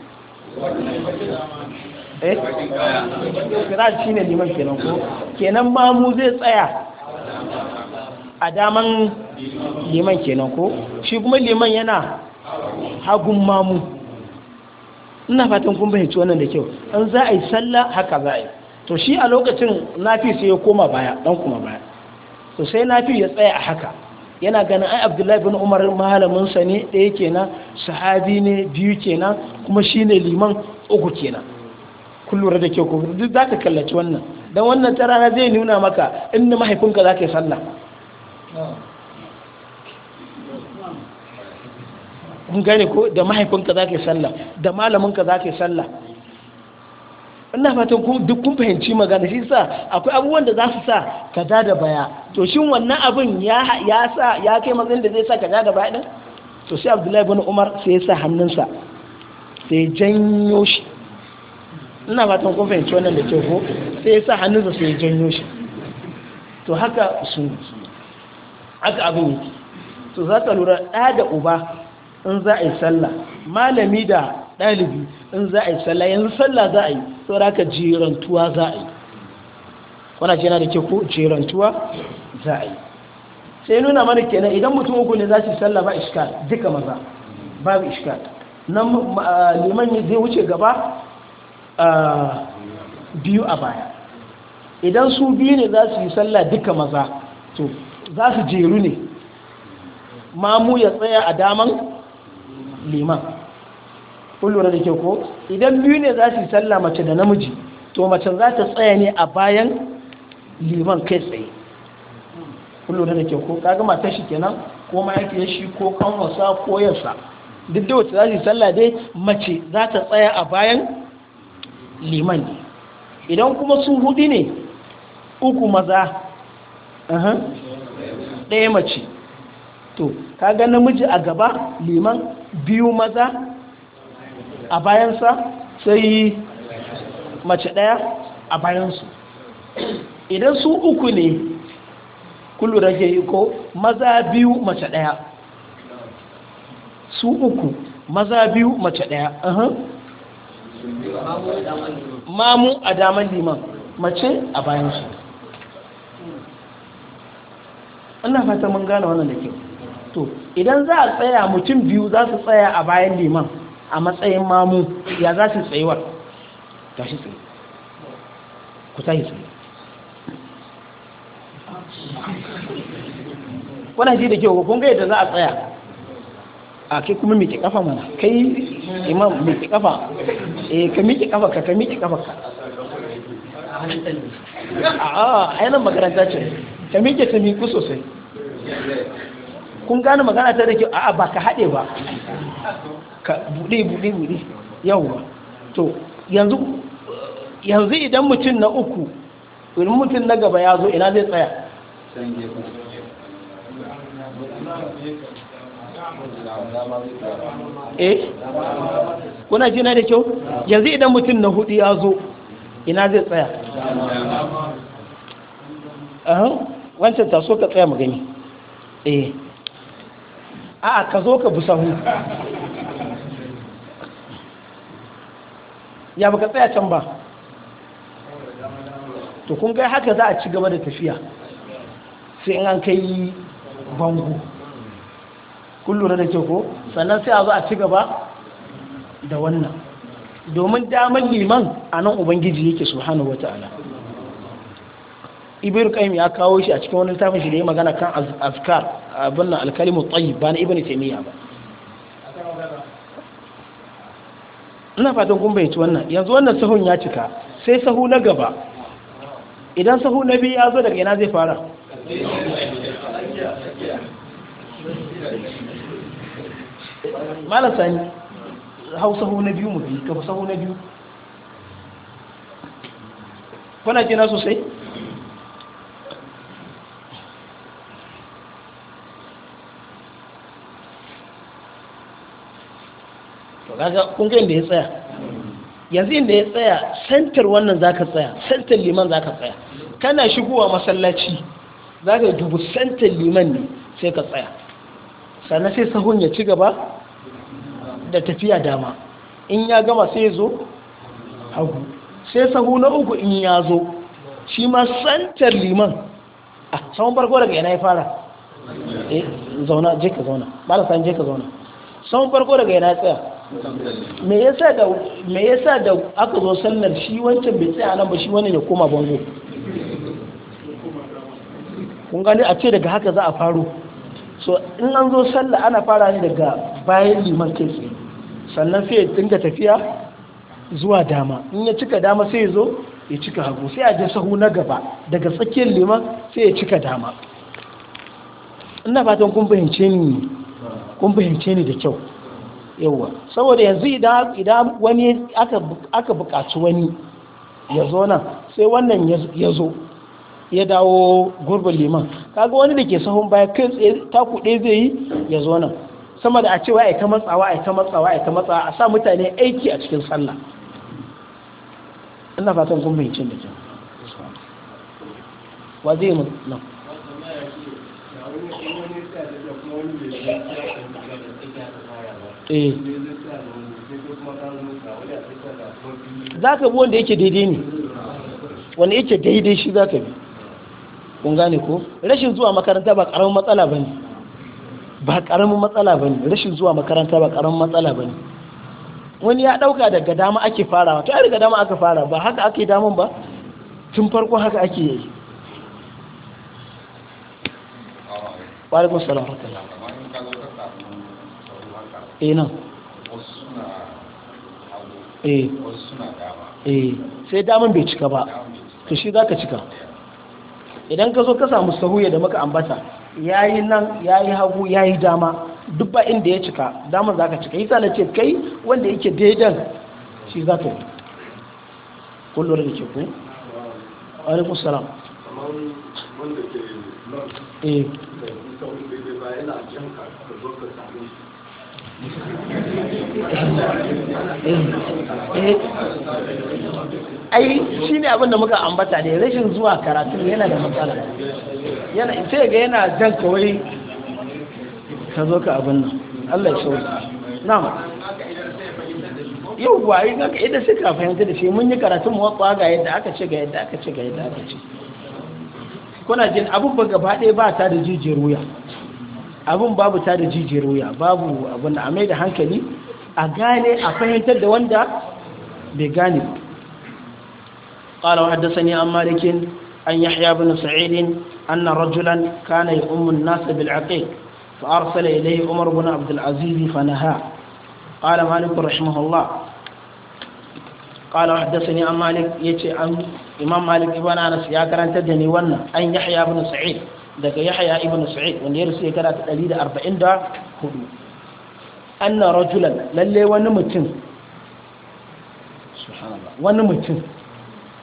eh sira ne liman kenan ko kenan ma mu zai tsaya a daman liman kenan ko shi kuma liman yana hagun mamu ina fatan kun bayyace wannan da kyau an za a yi sallah haka za a yi to shi a lokacin nafi sai ya koma baya dan kuma baya to sai nafi ya tsaya a haka yana ganin ai abdullahi bin umar malamin sa ne ɗaya kenan sahabi ne biyu kenan kuma shine liman uku kenan kun da ke ku duk zaka kallaci wannan dan wannan ta rana zai nuna maka inda mahaifinka zaka yi sallah kun gane ko da mahaifinka zaka yi sallah da malaminka zaka yi sallah ina fatan duk kun fahimci magana shi sa akwai abubuwan da za su sa ka da baya to shin wannan abin ya sa ya kai matsayin da zai sa ka da baya din to sai Abdullahi bin Umar sai ya sa hannunsa sai janyo shi ina fatan kun fahimci wannan da kyau ko sai ya sa hannunsa sai ya janyo shi to haka sun haka abin yake to za ka lura ɗa da uba in za a yi sallah malami da ɗalibi in za a yi sallah yanzu sallah za a yi saboda ka jirantuwa za a yi wana ce yana da ke ko jirantuwa za a yi sai nuna mana kenan idan mutum uku ne za su sallah ba iska duka maza babu iska nan liman zai wuce gaba biyu a baya idan su biyu ne za su yi sallah duka maza to za su jeru ne mamu ya tsaya a daman liman kullum da ke ko idan biyu ne za su yi sallah mace da namiji to mace za ta tsaya ne a bayan liman kai tsaye kullum da ke ko kaga mata shi kenan ko mahaifiyar shi ko wasa ko yarsa duk da wata za su yi sallah dai mace za ta tsaya a bayan liman ne idan kuma su hudu ne uku maza ɗaya mace to kaga namiji a gaba liman biyu maza a bayansa sai mace ɗaya a bayansu idan su uku ne kullu rage iko yi ko maza biyu mace ɗaya su uku maza biyu mace ɗaya mamu a daman liman mace a bayan shi ina fata mun gane wannan da kyau to idan za a tsaya mutum biyu za su tsaya a bayan liman a matsayin mamu ya za su tsayuwar tashi tsaye ku yi tsaye wannan ji da ke kun ga yadda za a tsaya a kai kuma miki kafa mana kai imam miki kafa E, eh, ka miki kafa ka ka miki kafa ka a a ainihin makaranta ce ka miƙe ta miƙu sosai kun gane magana ta da kyau a'a ba ka haɗe ba ka buɗe buɗe buɗe yawwa to yanzu yanzu idan mutum na uku wani mutum na gaba ya zo ina zai tsaya eh kuna ji na da kyau yanzu idan mutum na hudu ya zo ina zai tsaya wancan taso ka tsaya mu gani eh a'a ka zo ka bi sahu ya baka tsaya can ba to kun ga haka za a ci gaba da tafiya sai in an kai bango kun lura da ke ko sannan sai a zo a ci gaba da wannan domin damar liman a nan ubangiji yake subhanahu wata'ala ibn qayyim ya kawo shi a cikin wani littafin shi da ya magana kan azkar abin nan alkalimu tayyib ba na ibn taymiya ba ina fatan kun bayyaci wannan yanzu wannan sahun ya cika sai sahu na gaba idan sahu na biyu ya zo daga ina zai fara malam sani hau sahu na biyu mu bi ka sahu na biyu kuna kina sosai kaga kun ga inda ya tsaya yanzu inda ya tsaya santar wannan zaka tsaya santar liman zaka tsaya kana shigowa masallaci zaka dubu santar liman ne sai ka tsaya sannan sai sahun ya ci gaba da tafiya dama in ya gama sai zo hagu sai sahu na uku in ya zo shi ma santar liman a ah, sahun farko daga yana ya fara eh zauna je ka zauna san je ka zauna sahun farko daga yana tsaya me yasa da me yasa da aka zo sallar shi wancan bai tsaya nan ba shi wani ya koma bango kun gani a ce daga haka za a faro so in an zo sallar ana fara ne daga bayan liman kai sannan sai ya dinga tafiya zuwa dama in ya cika dama sai ya zo ya cika hagu sai a je sahu na gaba daga tsakiyar liman sai ya cika dama ina fatan kun fahimce ni kun fahimce ni da kyau yawa saboda yanzu idan wani aka bukaci wani ya zo nan sai wannan ya zo ya dawo gurbin liman kaga wani da ke sahun baya kai tsaye taku ɗaya zai yi ya zo nan sama da a cewa aika matsawa aika matsawa aika matsawa a sa mutane aiki a cikin sallah ina fatan kun bayyacin da kyau wa zai mu nan eh za ka bi wanda yake daidai ne wanda yake daidai shi za ka bi kun gane ko rashin zuwa makaranta ba karamin matsala ba ne ba karamin matsala ba ne rashin zuwa makaranta ba karamin matsala ba ne wani ya ɗauka daga dama ake farawa ta daga dama aka fara ba haka ake damun ba tun farko haka ake yi wa alaikum salam ina eh, e eh. eh, sai daman bai cika ba ta shi za ka cika idan ka zo ka samu sahuya da maka ambata ya yi nan ya yi hagu ya yi dama duk inda ya cika daman za ka cika yi tsala ce kai wanda yake daidan shi za ka yi kullum da ke kun alaikun salam eh Eh, eh, ai shi ne abinda muka ambata ne rashin zuwa karatu yana da matsala yana ita ga yana jan kawai ka zo ka abin nan Allah ya sauke na'am yau wayi ga idan sai ka fahimta da shi mun yi karatun muwatsa ga yadda aka ce ga yadda aka ce ga yadda aka ce kuna jin abubuwa gaba ɗaya ba ta da jijiyar wuya abin babu ta da jijiyar wuya babu abin da a mai da hankali a gane a fahimtar da wanda bai gane ba haddasa haddathani an malikin an yahya ibn sa'id anna rajulan kana yu'ummu umar nas bil aqiq fa arsala ilayhi umar ibn abd al-aziz fa naha qala haddasa rahimahullah an malik ya ce an عن malik مالك بن أنس يا da ni wannan an يحيى بن Sa'id. daga yahya ibn sa'id wanda ya rasu shekara ta 144 anna rajulan lalle wani mutum subhanallah wani mutum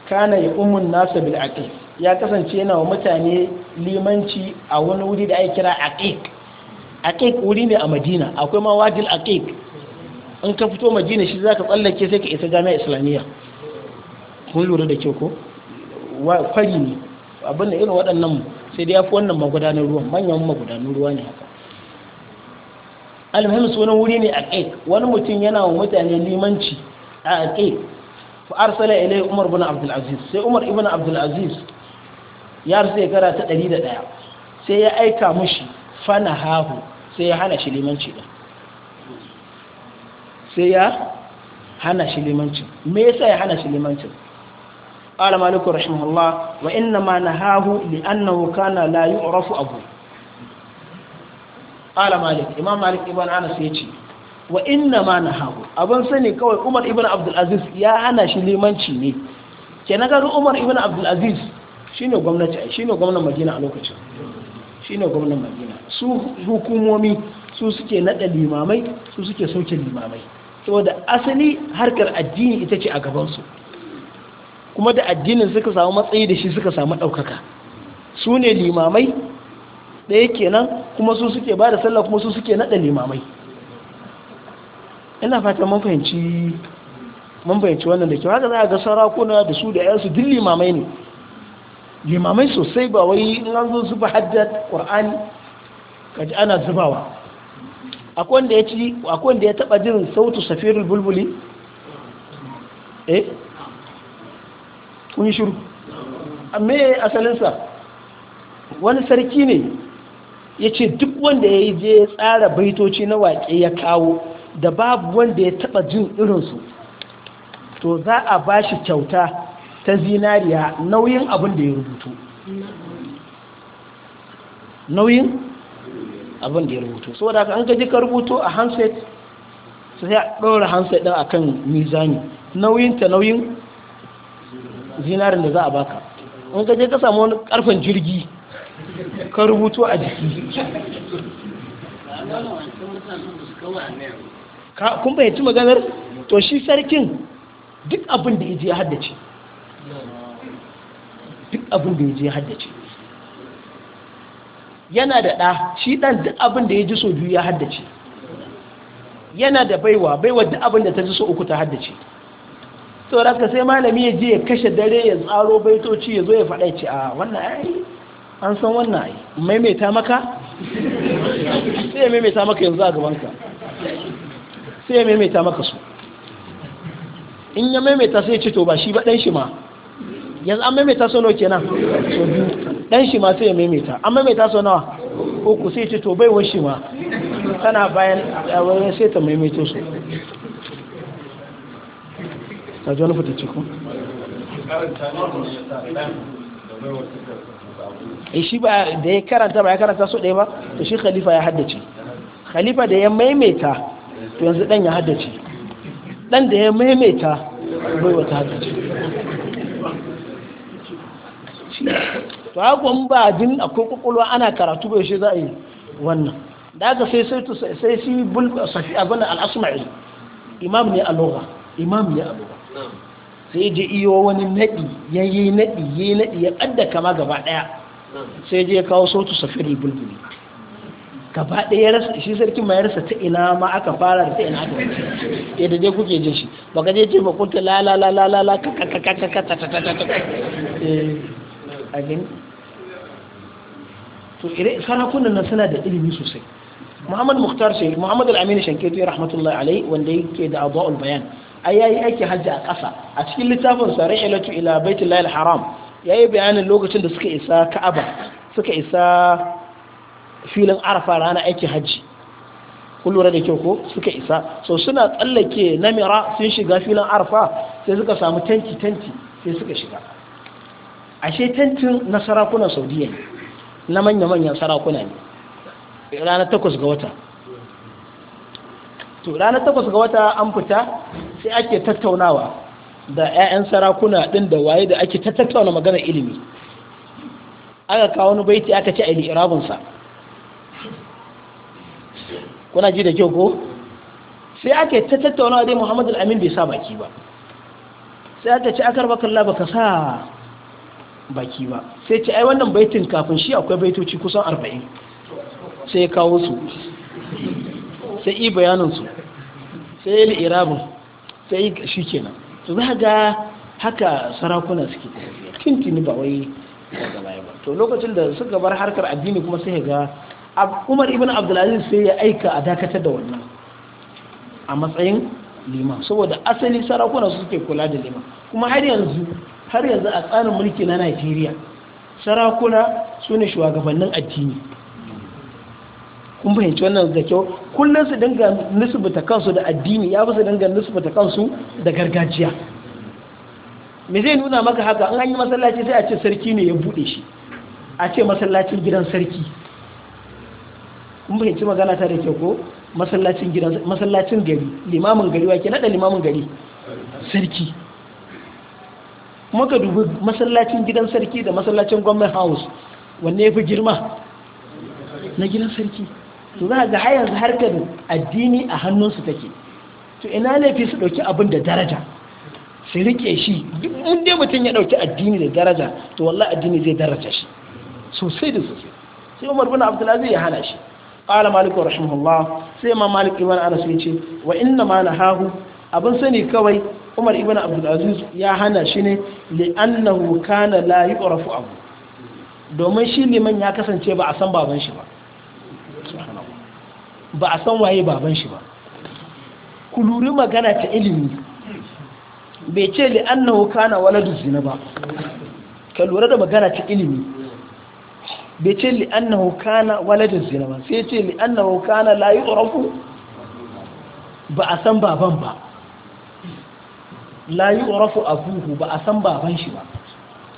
kana ya ummun nasu bil aqiq ya kasance yana wa mutane limanci a wani wuri da ake kira aqiq aqiq wuri ne a madina akwai ma wadil aqiq in ka fito madina shi zaka tsallake sai ka isa jami'a islamiyya kun lura da ke ko kwari ne abin da irin waɗannan sai dai fi wannan magudanar ruwan manyan magudanar ruwa ne haka alhamis wani wuri ne a kai wani mutum yana wa mutane limanci a kai fa arsala ilai umar ibn abdul aziz sai umar ibn abdul aziz ya rasu shekara ta 101 sai ya aika mushi fana hahu sai ya hana shi limanci din sai ya hana shi limanci me yasa ya hana shi limancin قال مالك رحمه الله وإنما نهاه لأنه كان لا يعرف أبوه قال مالك إمام مالك إبن أنس يجي وإنما نهاه أبن سني كوي عمر إبن عبد العزيز يا أنا شلي من شيني كنا قال عمر إبن عبد العزيز شنو قمنا شنو قمنا مدينة على وقت shine قمنا مدينة سو حكومي su suke nada limamai su suke sauke limamai saboda asali harkar addini ita ce a gabansu kuma da addinin suka samu matsayi da shi suka samu ɗaukaka su ne limamai ɗaya kenan kuma su suke ba da sallah kuma su suke naɗa limamai ina fata mun fahimci wannan da kyau haka za a ga sarakuna da su da yansu duk limamai ne limamai sosai ba wai in an zo zuba haddad ƙwar'ani kaji ana zubawa akwai wanda ya taɓa jin sautu safirul bulbuli eh kun yi shiru amma asalinsa wani sarki ne ya ce duk wanda ya yi je tsara baitoci na waƙe ya kawo da babu wanda ya taɓa jin irinsu to za a ba shi kyauta ta zinariya nauyin abin da ya rubutu nauyin abin da ya rubutu so da an gaji ka rubuto a hanset sai a ɗora hanset ɗin kan mizani nauyin ta nauyin zinarin da za a baka in ka je ka samu wani karfin jirgi ka rubutu a jiki kun bayyanci maganar to shi sarkin duk abin da ya je haddace duk abin da ya je haddace yana da ɗa shi ɗan duk abin da ya ji so biyu ya haddace yana da baiwa baiwa duk abin da ta ji so uku ta haddace saboda sai malami ya je ya kashe dare ya tsaro baitoci ya zo ya faɗa ce a wannan ai an san wannan ai maimaita maka sai ya maimaita maka yanzu a gabanka sai ya maimaita maka su in ya maimaita sai ce to ba shi ba ɗan shi ma yanzu an maimaita so nawa kenan so biyu ɗan shi ma sai ya maimaita an maimaita so nawa uku sai ce to wani shi ma tana bayan sai ta maimaito su na wani fitacci ko eh, shi ba da ya karanta ba ya karanta so ɗaya ba to shi khalifa ya haddace khalifa da ya maimaita to yanzu ɗan ya haddace ɗan da ya maimaita bai wata haddace to haka ba jin akwai kwakwalwa ana karatu bai shi za a yi wannan da aka sai sai sai shi bulba safi abin al imam ne a lugha imam ne a lugha sai je iyo wani naɗi ya yi naɗi ya yi naɗi ya ƙadda kama gaba ɗaya sai je ya kawo sautu safirin bulbuli gaba ɗaya rasa shi sarkin ma rasa ta ina ma aka fara da ta ina aka wuce ya da dai kuke jin shi ba ka je ce ba kunta la la la la la la ka ka ka ka ka ka ta ta ta ta eh, to ire sarakunan nan suna da ilimi sosai muhammad muhtar shi muhammad al-amin shankiti rahmatullahi alai wanda yake da adwa'ul bayan A yayi aiki hajji a ƙasa a cikin littafin sa ra'ilatu ila baitullahi haram yayi bayanin lokacin da suka isa ka'aba suka isa filin arafa rana aiki hajji kun lura da kyau ko suka isa so suna tsallake namira sun shiga filin arafa sai suka samu tanti tanti sai suka shiga ashe tantin na sarakunan saudiya ne na manya-manyan sarakuna ne ranar takwas ga wata to ranar takwas ga wata an fita sai ake tattaunawa da 'ya'yan sarakuna ɗin da waye da ake tattauna maganar ilimi aka kawo wani baiti aka ce a ili irabinsa kuna ji da kyau ko sai ake tattaunawa dai muhammadu al'amin bai sa baki ba sai aka ce akar laba ka sa baki ba sai ce ai wannan baitin kafin shi akwai baitoci kusan arba'in sai ya kawo su sai yi bayaninsu sai ya li sai shi kenan to za ga haka sarakuna suke tafiya tintini ba wai daga baya ba to lokacin da suka bar harkar addini kuma sai ga Umar ibn Abdulaziz sai ya aika a dakatar da wannan a matsayin liman saboda asali sarakuna suke kula da liman kuma har yanzu har yanzu a tsarin mulki na Najeriya sarakuna su ne shugabannin addini kun fahimci wannan da kyau kullum su dinga nisbata kansu da addini ya fi su dinga nisbata kansu da gargajiya me zai nuna maka haka an hanyar masallaci sai a ce sarki ne ya buɗe shi a ce masallacin gidan sarki kun fahimci magana ta da kyau ko masallacin gidan masallacin gari limamin gari wake nada limamin gari sarki ka dubi masallacin gidan sarki da masallacin government house wanne ya fi girma na gidan sarki to za ga har yanzu harkar addini a hannunsu take to ina laifi su ɗauki abin da daraja su rike shi in dai mutum ya ɗauki addini da daraja to wallahi addini zai daraja shi sosai da sosai sai umar bin abdulaziz ya hana shi qala malik rahimahullah sai ma malik ibn anas ya ce wa inna ma nahahu abin sani kawai umar ibn abdulaziz ya hana shi ne li annahu kana la yu'rafu abu domin shi liman ya kasance ba a san baban shi ba ba a san waye baban shi ba ku lura magana ta ilimi bai ce li annahu kana waladu zina ba ka lura da magana ta ilimi bai ce li annahu kana waladu zina ba sai ce li annahu kana la yu'rafu ba a san baban ba la yu'rafu abuhu ba a san baban shi ba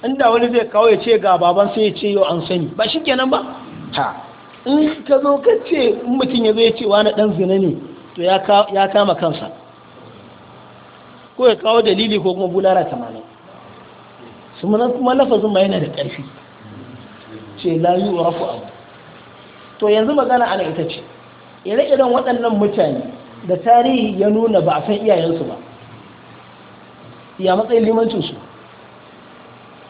inda wani zai kawo ya ce ga baban sai ya ce yau an sani ba shikenan ba ha in ka zo ka ce mutum ya zo ya ce wani dan zina ne to ya kama kansa ko ya kawo dalili ko kuma bulara tamanin su kuma lafazin ma yana da ƙarfi ce layu wa rafu abu to yanzu magana ana ita ce ire-iren waɗannan mutane da tarihi ya nuna ba a san iyayensu ba ya matsayin limancinsu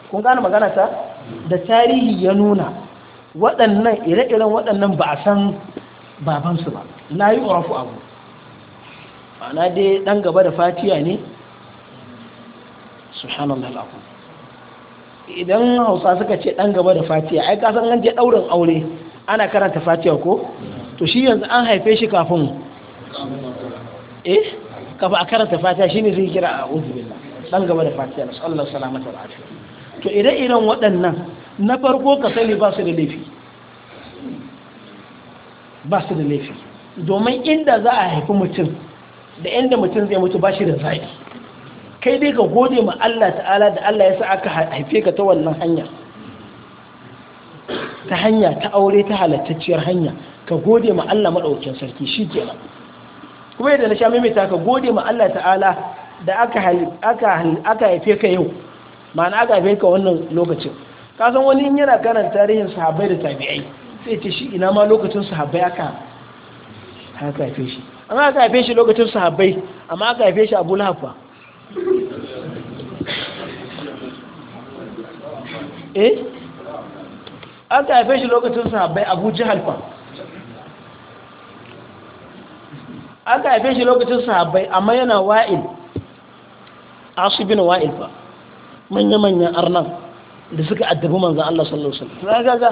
kun gane magana ta da tarihi ya nuna waɗannan ire-iren waɗannan ba a san babansu ba na yi ƙorafu abu ana dai ɗan gaba da fatiya ne da al'afu idan hausa suka ce ɗan gaba da fatiya ai kasan an je ɗaurin aure ana karanta fatiya ko to shi yanzu an haife shi kafin eh kafa a karanta fatiya shi ne zai kira a uzu ɗan gaba da fatiya na sallar salamata al'afiya to ire-iren waɗannan na farko ka sani ba su da laifi ba su da laifi domin inda za a haifi mutum da inda mutum zai mutu ba shi da zaki kai dai ka gode ma Allah ta'ala da Allah ya sa aka haife ka ta wannan hanya ta hanya ta aure ta halattacciyar hanya ka gode ma Allah maɗaukin sarki shi kenan kuma yadda na sha maimaita ka gode ma Allah ta'ala da aka haife ka yau ma'ana aka haife ka wannan lokacin ka san wani in yana ganin tarihin sahabbai da tabi'ai sai ce shi ina ma lokacin sahabbai aka haka haife shi amma aka haife shi lokacin sahabbai amma aka haife shi abu lahafa eh aka haife shi lokacin sahabbai abu jihal fa aka haife shi lokacin sahabbai amma yana wa'il asu bin wa'il fa manya-manyan arnan da suka addabi manzan Allah sallallahu alaihi wasallam ga.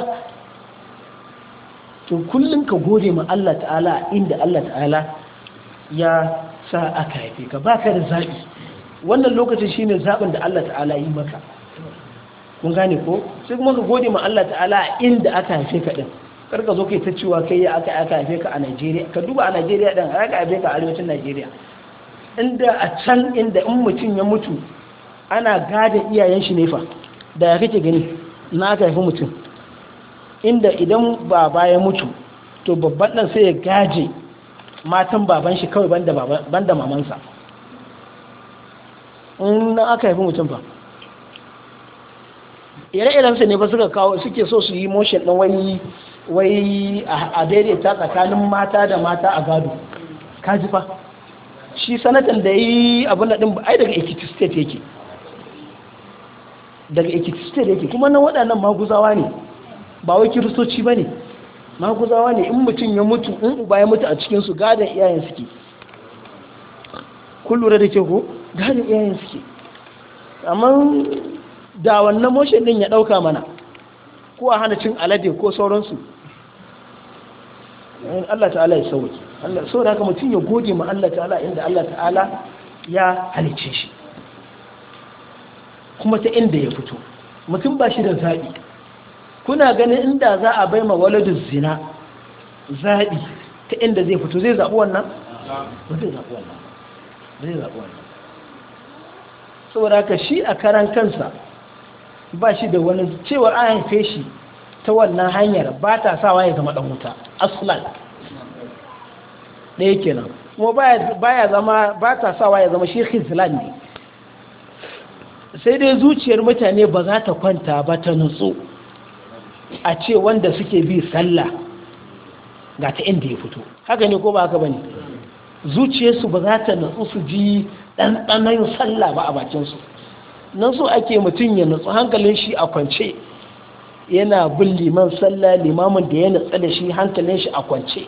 to kullum ka gode ma Allah ta'ala inda Allah ta'ala ya sa aka haife ka baka da zabi wannan lokacin shine zaɓin da Allah ta'ala yi maka kun gane ko sai kuma ka gode ma Allah ta'ala inda aka haife ka din kar ka zo kai ta cewa kai ya aka aka haife ka a Najeriya ka duba a Najeriya din aka haife ka a arewacin Najeriya inda a can inda in mutum ya mutu ana gada iyayen shi ne fa da ya kake gani na aka haifi mutum inda idan baba ya mutu to babban ɗan sai ya gaje matan baban shi kawai ban da mamansa na aka haifi mutum ba ire su ne ba suka kawo suke so su yi motion ɗan wani wai a ta tsakanin mata da mata a gado kaji fa shi sanatan da yi abin da ɗin ba ai daga ekiti state yake daga ekiti da yake kuma nan waɗannan maguzawa ne ba wai kiristoci ba ne maguzawa ne in mutum ya mutu in uba ya mutu a cikinsu gadon iyayen suke kun lura da ke ko gadon iyayen suke amma da wannan moshin din ya ɗauka mana ko a hana cin alade ko sauransu eh, Allah ta'ala ya sauke Allah saboda haka mutum ya goge ma Allah ta'ala inda Allah ta'ala ya halice shi kuma ta inda ya fito mutum ba shi da zaɓi kuna ganin inda za a bai ma waladun zina zaɓi ta inda zai fito zai zaɓi wannan? zai zaɓi wannan saboda ka shi a karan kansa ba shi da wani cewar an haife shi ta wannan hanyar ba ta sawa ya zama ɗan wuta aslan ɗaya kenan kuma ba ya zama ba ta sawa ya zama shi hizlan ne sai dai zuciyar mutane ba za ta kwanta ba ta nutsu a ce wanda suke bi sallah ga ta inda ya fito haka ne ko ba haka ne. zuciyarsu ba za ta nutsu su ji ɗanɗanayin sallah ba a bakinsu nan so ake mutum ya nutsu hankalin shi a kwance yana bin liman sallah limamin da ya nutsa da shi hankalin shi a kwance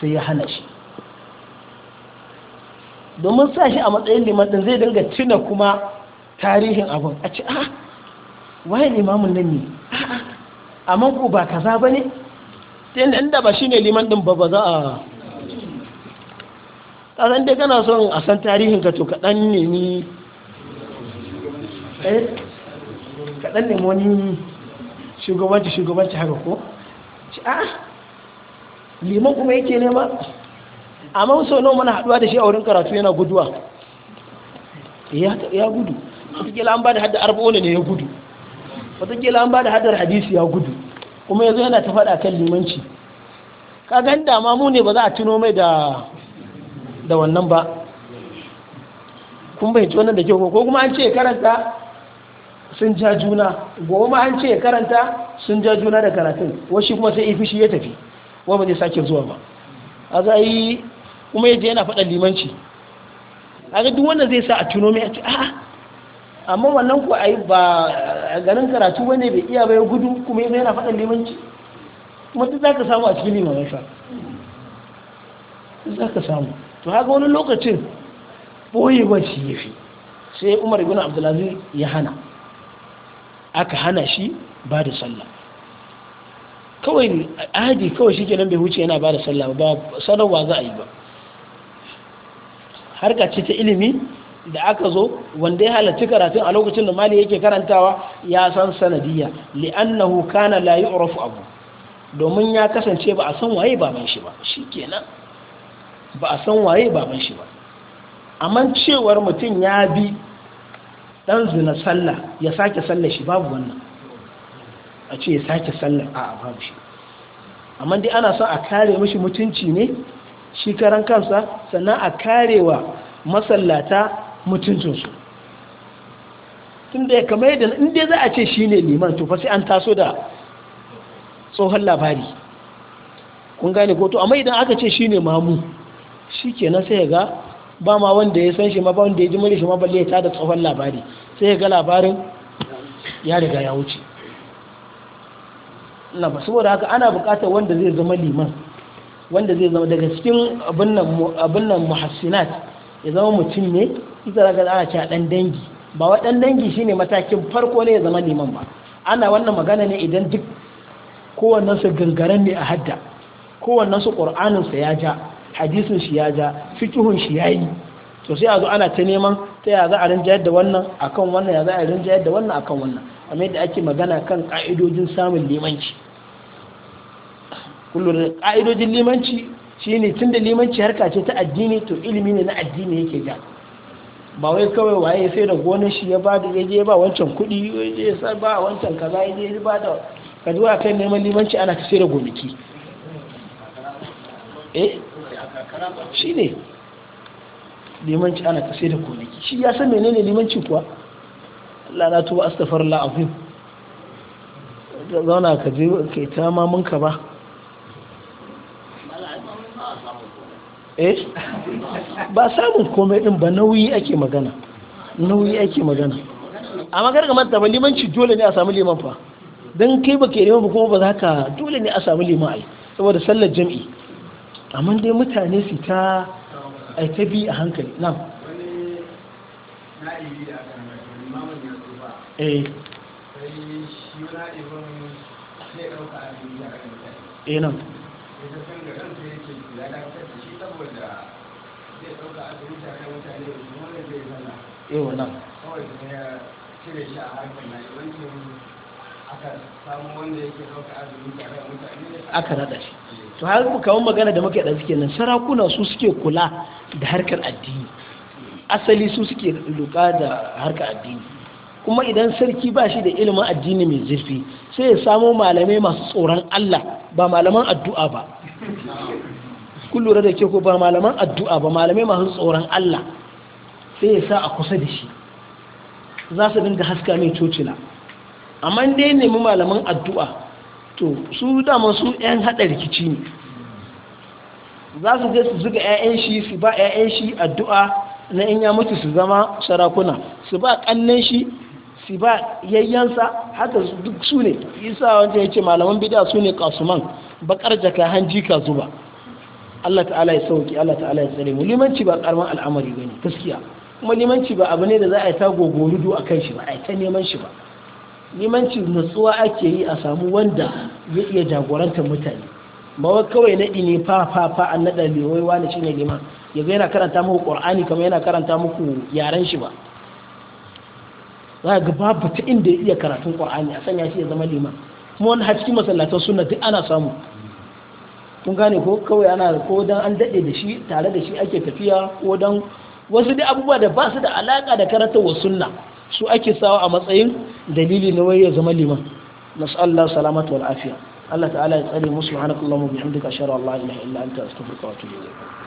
sai ya hana shi domin sa shi a matsayin liman ɗin zai dinga tuna kuma tarihin abin a ce a waye limamin nan ne amma ku ba kaza ba ne ta yadda inda ba shi ne liman ɗin ba ba za a ƙasan dai kana son a san tarihin ka to kaɗan nemi eh, kaɗan nemi wani shugabanci shugabanci haka ko a liman kuma yake nema amma sau nawa mana haɗuwa da shi a wurin karatu yana guduwa ya gudu Watakila an ba da haddar arba'una ne ya gudu Watakila an ba da haddar hadisi ya gudu kuma yanzu yana ta faɗa kan limanci ka gan dama mu ne ba za a tuno mai da da wannan ba kun bayanci wannan da ke ko kuma an ce karanta sun ja juna gobe ma an ce karanta sun ja juna da karatun wasu kuma sai ifi shi ya tafi wa ba zai sake zuwa ba a za yi kuma yanzu yana faɗa limanci a ga duk wannan zai sa a tuno mai a ce a'a amma wannan ku ai ba garin karatu bane bai iya bai gudu kuma yana faɗin limanci kuma za ka samu a cikin ta Za ka samu to haka wani lokacin boye ba shi fi. sai Umar ibn Abdulaziz ya hana aka hana shi ba da sallah kawai ahadi kawai shi kenan bai wuce yana ba da sallah ba sanarwa za a yi ba harka ce ta ilimi da aka zo wanda ya halarci karatun a lokacin da mali yake karantawa ya san sanadiyya li'annahu kana la yu'rafu abu domin ya kasance ba a san waye baban shi ba shikenan ba a san waye baban shi ba amma cewar mutum ya bi dan zina sallah ya sake sallah shi babu wannan a ce ya sake sallah a babu shi amma dai ana son a kare mishi mutunci ne shi karan kansa sannan a karewa masallata mutuncinsu tunda ya kama yadda in dai za a ce shi ne liman to fa sai an taso da tsohon labari kun gane ko to amma idan aka ce shi ne mamu shi kenan sai ga ba ma wanda ya san shi ma ba wanda ya ji mari shi ma balle ya tada tsohon labari sai ga labarin ya riga ya wuce na ba saboda haka ana bukatar wanda zai zama liman wanda zai zama daga cikin abin nan muhassinat ya zama mutum ne ita daga ana cewa dan dangi ba wa dan dangi shine matakin farko ne ya zama liman ba ana wannan magana ne idan duk kowannen su gangaren ne a hadda kowannen su qur'anin sa ya ja hadisin shi ya ja fiqhun shi yayi to sai a zo ana ta neman ta ya za a rinjayar da wannan akan wannan ya za a rinjayar da wannan akan wannan amma yadda ake magana kan ka'idojin samun limanci kullu ka'idojin limanci shine da limanci harka ce ta addini to ilimi ne na addini yake ja ba wai kawai waye sai da gonar shi ya bada ya je ba wancan kuɗi ya je ba wancan kaza ya je ba da ka zuwa kai neman limanci ana ta sai da gonaki eh shi ne limanci ana ta sai da gonaki shi ya san menene limanci kuwa Allah na tuba astaghfirullah azim zauna ka je kai ta mamunka ba Eh? ba samun komai din ba nauyi ake magana nauyi ake magana a magar ga manta limanci dole ne a samu liman fa don kai ba ke neman ba kuma ba za ka dole ne a samu liman ai saboda sallar jami'i amma dai mutane su ta ai ta bi a hankali nan eh, eh nan aka samu rada shi to har mu magana da yi ɗan suke nan sarakuna su suke kula da harkar addini asali su suke luka da harkar addini kuma idan sarki ba shi da ilimin addini mai zurfi sai ya samo malamai masu tsoron Allah ba malaman addu'a ba kun lura da ke ko ba malaman addu'a ba malamai masu tsoron Allah sai ya sa a kusa da shi za su dinga haska mai cocila amma dai nemi malaman addu'a to su dama su 'yan haɗa rikici ne za su je su zuga 'ya'yan shi su ba 'ya'yan shi addu'a na in ya mutu su zama sarakuna su ba ƙannen shi su ba yayyansa haka duk su ne isa wanda ya ce malaman bida su ne kasuman bakar jaka hanji ka zuba Allah ta'ala ya sauki Allah ta'ala ya tsare mu limanci ba karman al'amari bane gaskiya kuma limanci ba abu ne da za a yi ta gogorudu a kan shi ba a yi ta neman shi ba limanci nutsuwa ake yi a samu wanda zai iya jagorantar mutane ba wai kawai na ne fa fa fa an ne wai wani shine liman yanzu yana karanta muku ƙur'ani kamar yana karanta muku yaren shi ba za ga babu ta inda ya iya karatun ƙur'ani a sanya shi ya zama liman kuma wani har cikin masallatan sunna duk ana samu kun gane ko kawai ana ko dan an dade da shi tare da shi ake tafiya ko dan wasu dai abubuwa da ba su da alaka da wa sunna su ake sawa a matsayin dalili na wai ya zama liman nas'allahu salamatu wal afiya Allah ta'ala ya tsare mu subhanakallahumma bihamdika ashhadu an la ilaha illa anta astaghfiruka wa atubu ilayk